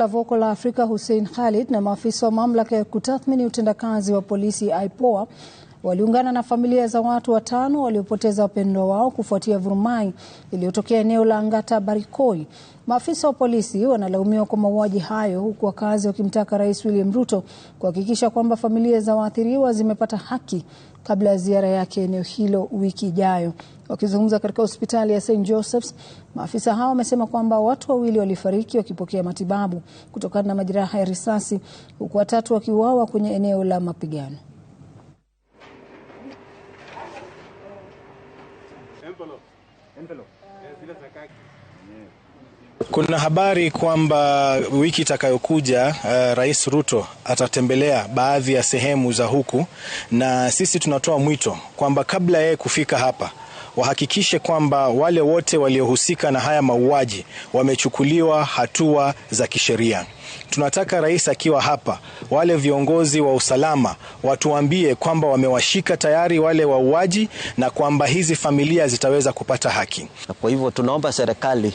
la Voko la Afrika Hussein Khalid na maafisa wa mamlaka ya kutathmini utendakazi wa polisi IPOA waliungana na familia za watu watano waliopoteza wapendwa wao kufuatia vurumai iliyotokea eneo la Angata Barikoi. Maafisa wa polisi wanalaumiwa kwa mauaji hayo huku wakazi wakimtaka Rais William Ruto kuhakikisha kwamba familia za waathiriwa zimepata haki kabla ya ziara yake eneo hilo wiki ijayo. Wakizungumza katika hospitali ya St Joseph's, maafisa hao wamesema kwamba watu wawili walifariki wakipokea matibabu kutokana na majeraha ya risasi huku watatu wakiuawa kwenye eneo la mapigano. Kuna habari kwamba wiki itakayokuja uh, Rais Ruto atatembelea baadhi ya sehemu za huku, na sisi tunatoa mwito kwamba kabla yeye kufika hapa wahakikishe kwamba wale wote waliohusika na haya mauaji wamechukuliwa hatua za kisheria. Tunataka rais akiwa hapa, wale viongozi wa usalama watuambie kwamba wamewashika tayari wale wauaji na kwamba hizi familia zitaweza kupata haki. Kwa hivyo tunaomba serikali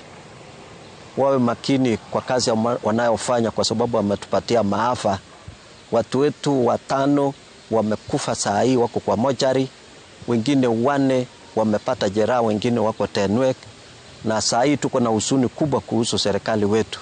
wawe makini kwa kazi wanayofanya, kwa sababu wametupatia maafa. Watu wetu watano wamekufa saa hii, wako kwa mochari, wengine wane wamepata jeraha, wengine wako tenwek, na saa hii tuko na husuni kubwa kuhusu serikali wetu.